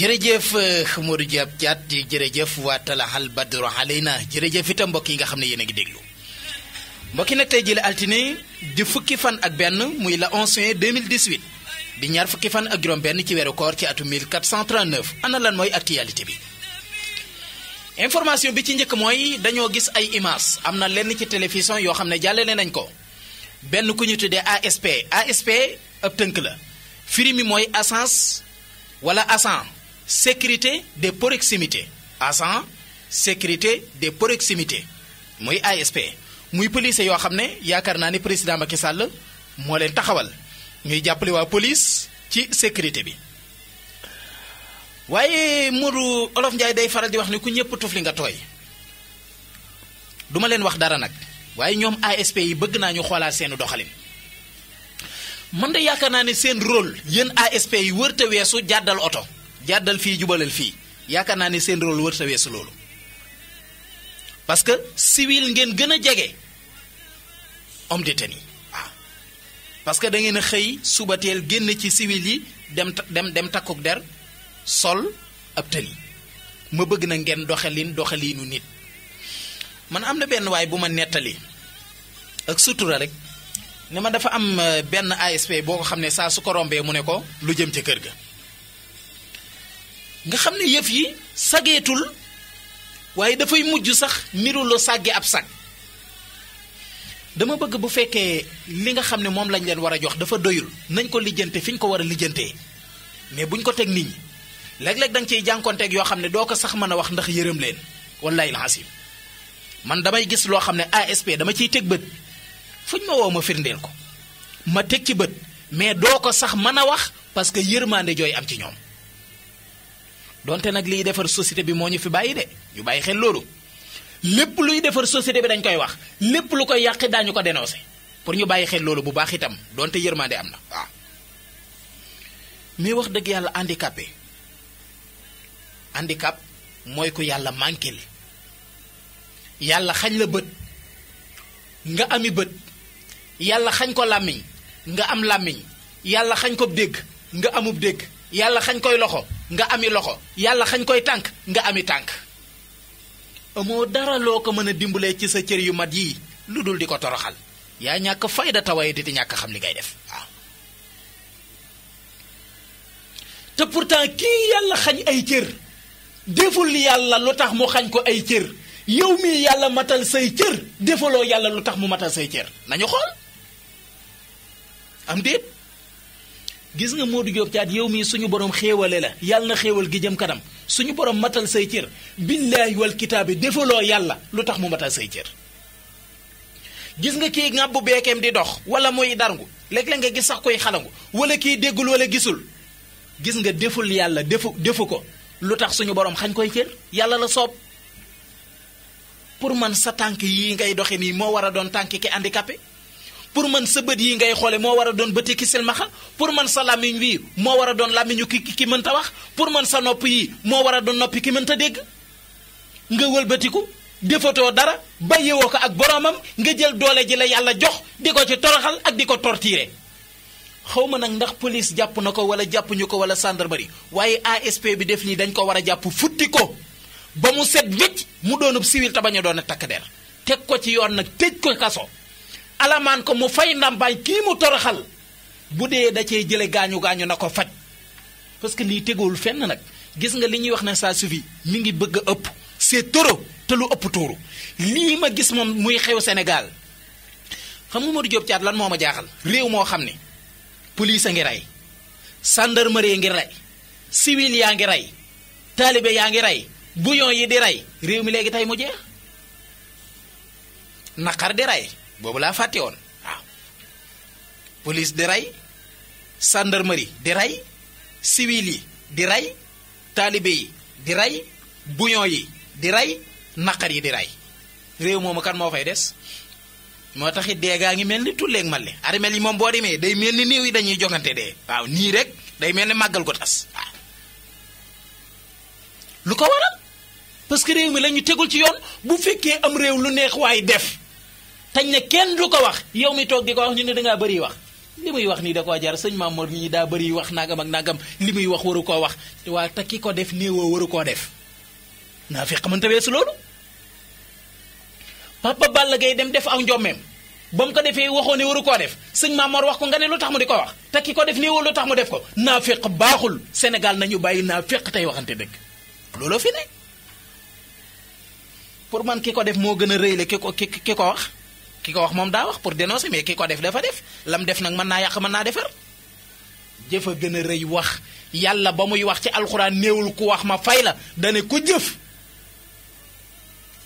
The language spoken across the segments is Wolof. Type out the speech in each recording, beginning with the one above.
jërëjëf euh, Modou jaab Diat di jërëjëf waa Talahal Badru Aleyna jërëjëf itam mbokk yi nga xam ne yéen a ngi déglu mbokki na nag tey jii la altine di fukki fan ak benn muy la 11 juin 2018 di ñaar fukki fan ak juróom-benn ci weeru koor ci atum 1439 ana lan mooy actualité bi. information bi ci njëkk mooy dañoo gis ay image am na lenn ci télévision yoo xam ne jàllale nañ ko benn ku ñu tuddee ASP ASP ab tënk la firi mi mooy assance wala assan sécurité de proximité agent sécurité de proximité muy ASP muy police yoo xam ne yaakaar naa ni président Macky Sall moo leen taxawal ñuy jàppale waa ci sécurité bi waaye Modou Olof Ndiaye day faral di wax ni ku ñëpp tuf li nga tooy duma leen wax dara nag waaye ñoom ASP yi bëgg naa ñu xoolaat seenu doxalin man de yaakaar naa ne seen rôle yéen ASP yi wër te weesu jàddal oto jàddal fi jubalal fii yaakaar naa ne seen rôle wërta sa weesu loolu parce que civil ngeen gën a jege homme de tenue parce que da ngeen a xëy ci civil yi dem dem dem takkuk der sol ab tenue ma bëgg na ngeen doxalin doxalinu nit man am na benn waay bu ma nettali ak sutura rek ne ma dafa am euh, benn ASP boo ko xam ne saa su ko rombee mu ko lu jëm ca kër ga. nga xam ne yëf yi sageetul waaye dafay mujj sax niru la sàgge ab sag dama bëgg bu fekkee li nga xam ne moom lañ leen war a jox dafa doyul nañ ko lijjante fi ñu ko war a lijjantee mais buñ ko teg nit ñi léeg-léeg da nga ciy jànkonteeg yoo xam ne doo ko sax mën a wax ndax yërëm leen wallaay laxasim man damay gis loo xam ne ASP dama ciy teg bët fuñ ma woo ma firndeel ko ma teg ci bët mais doo ko sax mën a wax parce que yërmaande jooy am ci ñoom donte nag liy defar société bi moo ñu fi bàyyi de ñu bàyyi xel loolu lépp luy defar société bi dañ koy wax lépp lu koy yàq daañu ko dénoncé pour ñu bàyyi xel loolu bu baax itam donte yërmande am na waaw mais wax dëgg yàlla handicapé handicap mooy ko yàlla manqué li yàlla xañ la bët nga ami bët yàlla xañ ko làmmiñ nga am làmmiñ yàlla xañ ko dégg nga amub dégg yàlla xañ koy loxo nga ami loxo yalla xañ koy tank, nga ami tank amo dara loo ko mën a ci sa cër yu mat yi lu diko toroxal ya ñak fayda taway di ñak xam li ngay def te pourtant ki yalla xañ ay cër deful li yalla lutax mu xañ ko ay cër yow mi yalla matal say cër defaloo yalla lutax mu matal say cër nañu xol am déet gis nga Modou Diop caat yow mi suñu borom xéewale la yàlla na xéewal gi jëm kanam suñu borom matal say cër billahi wal kitaabi defaloo yàlla lutax mu matal say cër gis nga ki ngab bekem di dox wala moy darngu lek la nga gis sax koy xalangu wala ki degul wala gisul gis nga deful yàlla defu defu ko lutax suñu borom xagn koy cër yàlla la sop pour man sa tànk yi ngay doxe nii moo war a doon tànk handicapé pour man sa bët yi ngay xoolee moo war a doon bëti ki silmaxa pour man sa làmmiñ wi moo war a doon làmmiñu ki ki mënta wax pour man sa nopp yi moo war a doon noppi ki mënta dégg nga wëlbatiku defatoo dara bàyyiwoo ko ak boromam nga jël doole ji la yàlla jox di ko ci toroxal ak di ko xaw ma nag ndax police jàpp na ko wala jàpp ñu ko wala gendarmerie waaye asp bi def lii dañ ko war a jàpp futti ko ba mu set wicc mu doonub civil te bañ a doon takk der teg ko ci yoon nag tëj ko kaso alaman ko mu fay ndàmbaay kii mu toroxal bu dee da cee jële gaañu gaañu na ko faj parce que lii teguwul fenn nag gis nga li ñuy wax ne ça suffit mi ngi bëgg a ëpp c'est trop te lu ëpp tuuru lii ma gis moom muy xew Sénégal xam nga Modou Diop lan moo jaaxal réew moo xam ne police a ngi rey ngi rey civil yaa ngi rey taalibe yaa ngi rey bouillon yi di rey réew mi léegi tey mu jeex naqar di rey boobu laa fàtte woon waaw police di rey gendarmerie di rey civil yi di rey taalibe yi di rey buñoo yi di rey naqar yi di rey réew moomu kan moo fay des moo taxit ngi mel ni tulleeg male armeel yi moom boo demee day mel ni néew yi dañuy jongante dee waaw nii rek day mel ni màggal ko tas waaw lu ko waral parce que réew mi lañu tegul ci yoon bu fekkee am réew lu neex waaye def tañ ne kenn du ko wax yow mi toog di ko wax ñu ne dangaa bëri wax li muy wax nii da koo jar sëñ Mamour ñi daa bari wax nagam ak nagam li muy wax waru koo wax waa te ki ko def néewoo waru koo def naa fi xamante weesu loolu Papa Balla Gaye dem def aw njommeem ba mu ko defee waxoo ne waru koo def sëñ Mamour wax ko nga ne lu tax mu di ko wax te ko def néewoo lu tax mu def ko naa feq baaxul Sénégal nañu bàyyi naa feq tey waxante dëgg looloo fi ne pour man ki ko def moo gën a rëyle ki ko ki ko wax. ki ko wax moom daa wax pour dénoncer mais ki ko def dafa def lam def nag mën naa yàq mën naa defar jëf a gën a rëy wax yàlla ba muy wax ci alxuraan néewul ku wax ma fay la dane ko jëf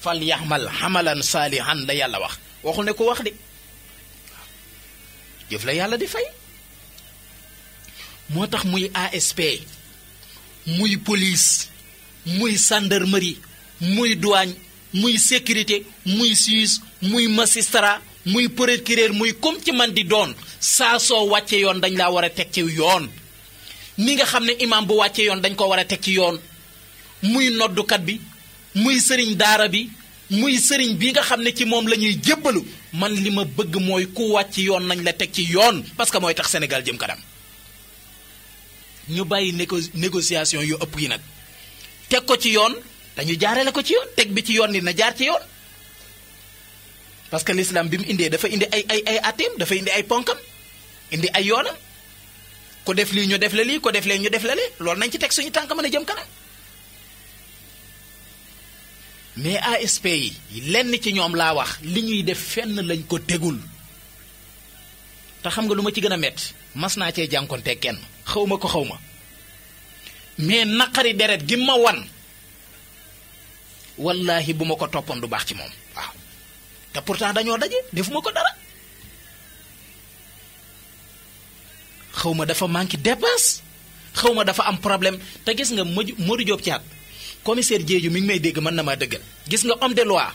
fal yaxmal xamalan saalihan la yàlla wax waxu ne ko wax de jëf la yàlla di fay moo tax muy ASP muy police muy gendarmerie muy douane muy sécurité muy suisse muy magistrat muy procureur muy comme ci man di doon saa soo wàcce yoon dañ laa war a teg ci yoon ni nga xam ne imaam bu wàcce yoon dañ ko war a teg ci yoon muy noddukat bi muy sëriñ daara bi muy sëriñ bi nga xam ne ci moom la ñuy jébbalu man li ma bëgg mooy ku wàcc yoon nañ la teg ci yoon parce que mooy tax Sénégal jëm kanam ñu bàyyi négo négociation yu ëpp yi nag teg ko ci yoon dañu jaarale ko ci yoon teg bi ci yoon ni na jaar ci yoon parce que l'islam bi mu indee dafa indi ay ay ay atem dafa indi ay ponkam indi ay yoonam ku def lii ñu def la lii ku def lee ñu def la lee loolu nañ ci teg suñu tànk mën a jëm kanam mais ASP yi lenn ci ñoom laa wax li ñuy def fenn lañ ko tegul te xam nga lu ma ci gën a métti mas naa cee jànkonte kenn xaw ma ko xawma ma mais naqari deret gi ma wan wallahi buma ko topon du bax ci mom waaw te pourtant dañoo dajé defuma ko dara xawma dafa manki dépasse xawma dafa am problème te gis nga Modou job ciat commissaire djéju mi ngi may dégg man na ma dëggal gis nga homme de loi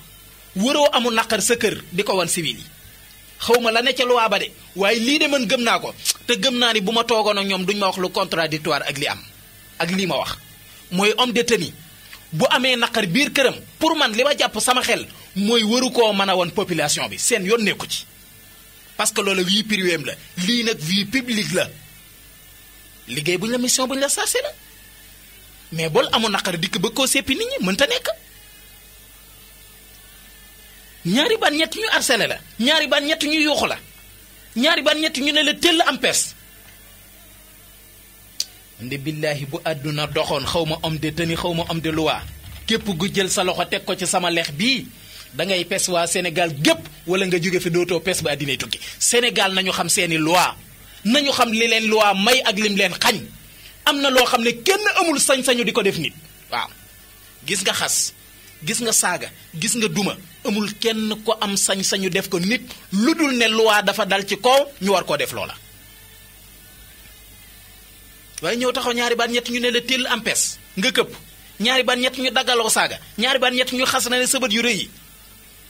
wëro amu nakar sa kër diko ko civil yi xawma la ne ca loi ba dé waaye li de man gëm naa ko te gëm naa ni buma togon ak ñom duñ ma wax lu contradictoire ak li am ak li ma wax moy homme de tenue bu amee naqar biir këram pour man li ma jàpp sama xel mooy waru koo mën a woon population bi seen yoon nekku ci parce que loolu vie privée la lii nag vie publique la liggéey bu ñu la mission bu ñu la saase la mais bool amoon naqar dikk ba koo seppi nit ñi mënta nekk ñaari ban ñett ñu harcelé la ñaari ban ñett ñu yuuxu la ñaari ban ñetti ñu ne la tëll am pees nde billaahi bu àdduna doxoon xaw ma homme de tenue xaw ma homme de loi képp gu jël sa loxo teg ko ci sama lex bii da ngay pes waa Sénégal gépp wala nga jóge fi dootoo pes ba àddinay tukki Sénégal nañu xam seeni loi nañu xam li leen loi may ak lim leen xañ am na loo xam ne kenn amul sañ-sañu di ko def nit waaw gis nga xas gis nga saaga gis nga duma amul kenn ko am sañ-sañu def ko nit lu dul ne loi dafa dal ci kow ñu war koo def loola waaye ñëw taxaw ñaari baat ñett ñu ne la téll ampes nga këpp ñaari baat ñett ñu daggal ko saaga ñaari baat ñett ñu xas na ne sëbët yu rëy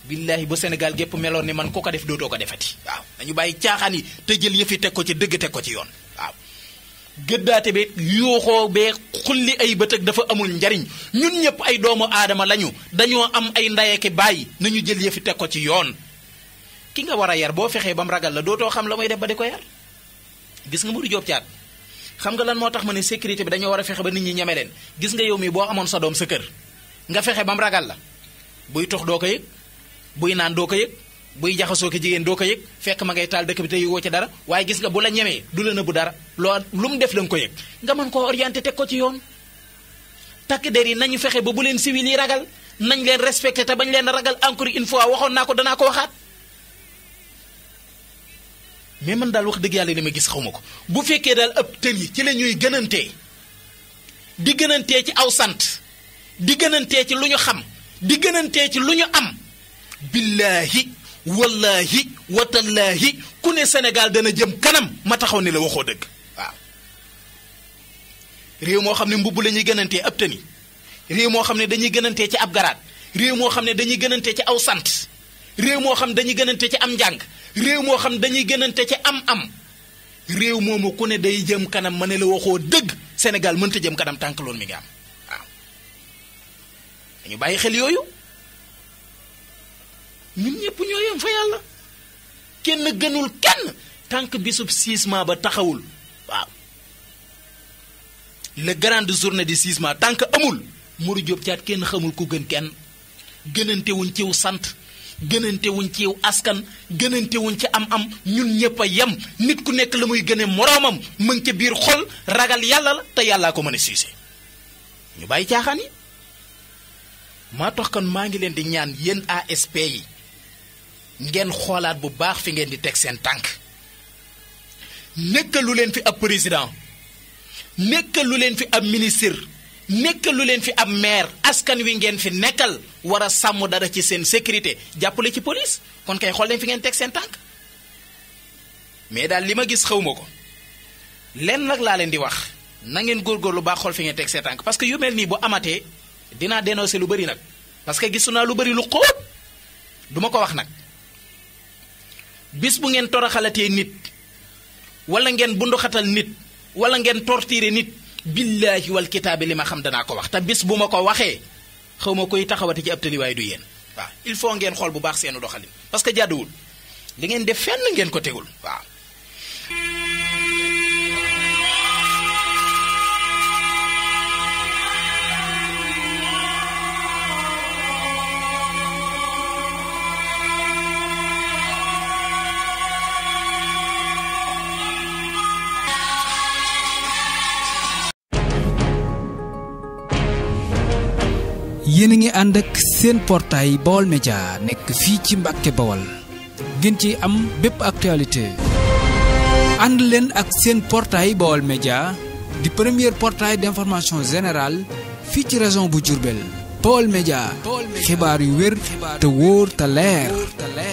billahi bu sénégal gépp meloon man ko ko def dootoo ko defati waaw dañu bàyyi caaxaan yi te jël yëfi teg ko ci dëgg teg ko ci yoon waaw gëddaate beeg yuuxoo beeg xulli ay bëtëg dafa amul njariñ ñun ñëpp ay doomu aadama lañu dañoo am ay ndayeke bàyyi nañu jël teg ko ci yoon ki nga war a yar boo fexee ba mu ragal la dootoo xam la def ba di ko yar gis nga joob caat xam nga lan moo tax ma ne sécurité bi dañoo war a fexe ba nit ñi ñeme leen gis nga yow mi boo amoon sa doom sa kër nga fexe bam ragal la buy tox doo ko yëg buy naan doo ko yëg buy jaxasoo ko jigéen doo ko yëg fekk ma ngay taal dëkk bi te yëgoo ci dara waaye gis nga bu la ñemee du la nëbbu dara loo lu mu def ko yëg nga mën koo orienté teg ko ci yoon takk der nañu fexe ba bu leen civil yi ragal nañ leen respecté te bañ leen ragal encore une fois waxoon naa ko ko waxaat mais man daal wax dëgg yàlla li ma gis xawma ko bu fekkee daal ab tën yi ci la ñuy gënantee di gënantee ci aw sant di gënantee ci lu ñu xam di gënantee ci lu ñu am billaahi wallaahi watallaahi ku ne Sénégal dana jëm kanam ma taxaw ne la waxoo dëgg waaw réew moo xam ne mbubb la ñuy gënantee ab tën yi réew moo xam ne dañuy gënantee ci ab garaat réew moo xam ne dañuy gënantee ci aw sant réew moo xam dañuy gënante ci am njàng réew moo xam dañuy gënante ci am-am réew moomu ku ne day jëm kanam ma ne la waxoo dëgg Sénégal mënta jëm kanam tànk loolu mi ngi am waaw dañu bàyyi xel yooyu ñun ñëpp ñoo fa yàlla kenn gënul kenn tànk bisub sisement ba taxawul waaw la grande journée de sisement tànk amul Modou Diop caat kenn xamul ku gën kenn gënante wuñ ciw sant gënante wuñ ci askan gënante ci am-am ñun ñëpp a yem nit ku nekk la muy gëne moroomam mu ngi ca biir xol ragal yàlla la te yàllaa ko mën a siise ñu bàyyi caaxaan maa tax kon maa ngi leen di ñaan yéen ASP yi ngeen xoolaat bu baax fi ngeen di teg seen tànk nekkalu leen fi ab président nekkalu leen fi ab ministre. lu leen fi ab maire askan wi ngeen fi nekkal war a sàmm dara ci seen sécurité jàppale ci police kon kay xool leen fi ngeen teg seen tànk mais daal li gis xawma ko leen nag laa leen di wax na ngeen lu baa xool fi ngeen teg seen tànk parce que yu mel nii bu amatee dinaa dénoncé lu bëri nag parce que gisu lu bëri lu xóot duma ko wax nag bis bu ngeen toroxalatee nit wala ngeen xatal nit wala ngeen tortiré nit billaahi wal kitaabi li ma xam danaa ko wax te bis bu ma ko waxee xaw ma koy taxawate ci ab tëliwaay du yéen waa il faut ngeen xool bu baax seenu doxalin parce que jàdduwul li ngeen def fenn ngeen ko tegul waaw ngi ànd ak seen portail Baol Média nekk fii ci Mbàkke Bawol gën ci am bépp actualité ànd leen ak seen portail Baol Média di premier portail d'information générale fii ci région bu Diourbel Baol Média xibaar yu wér te wóor te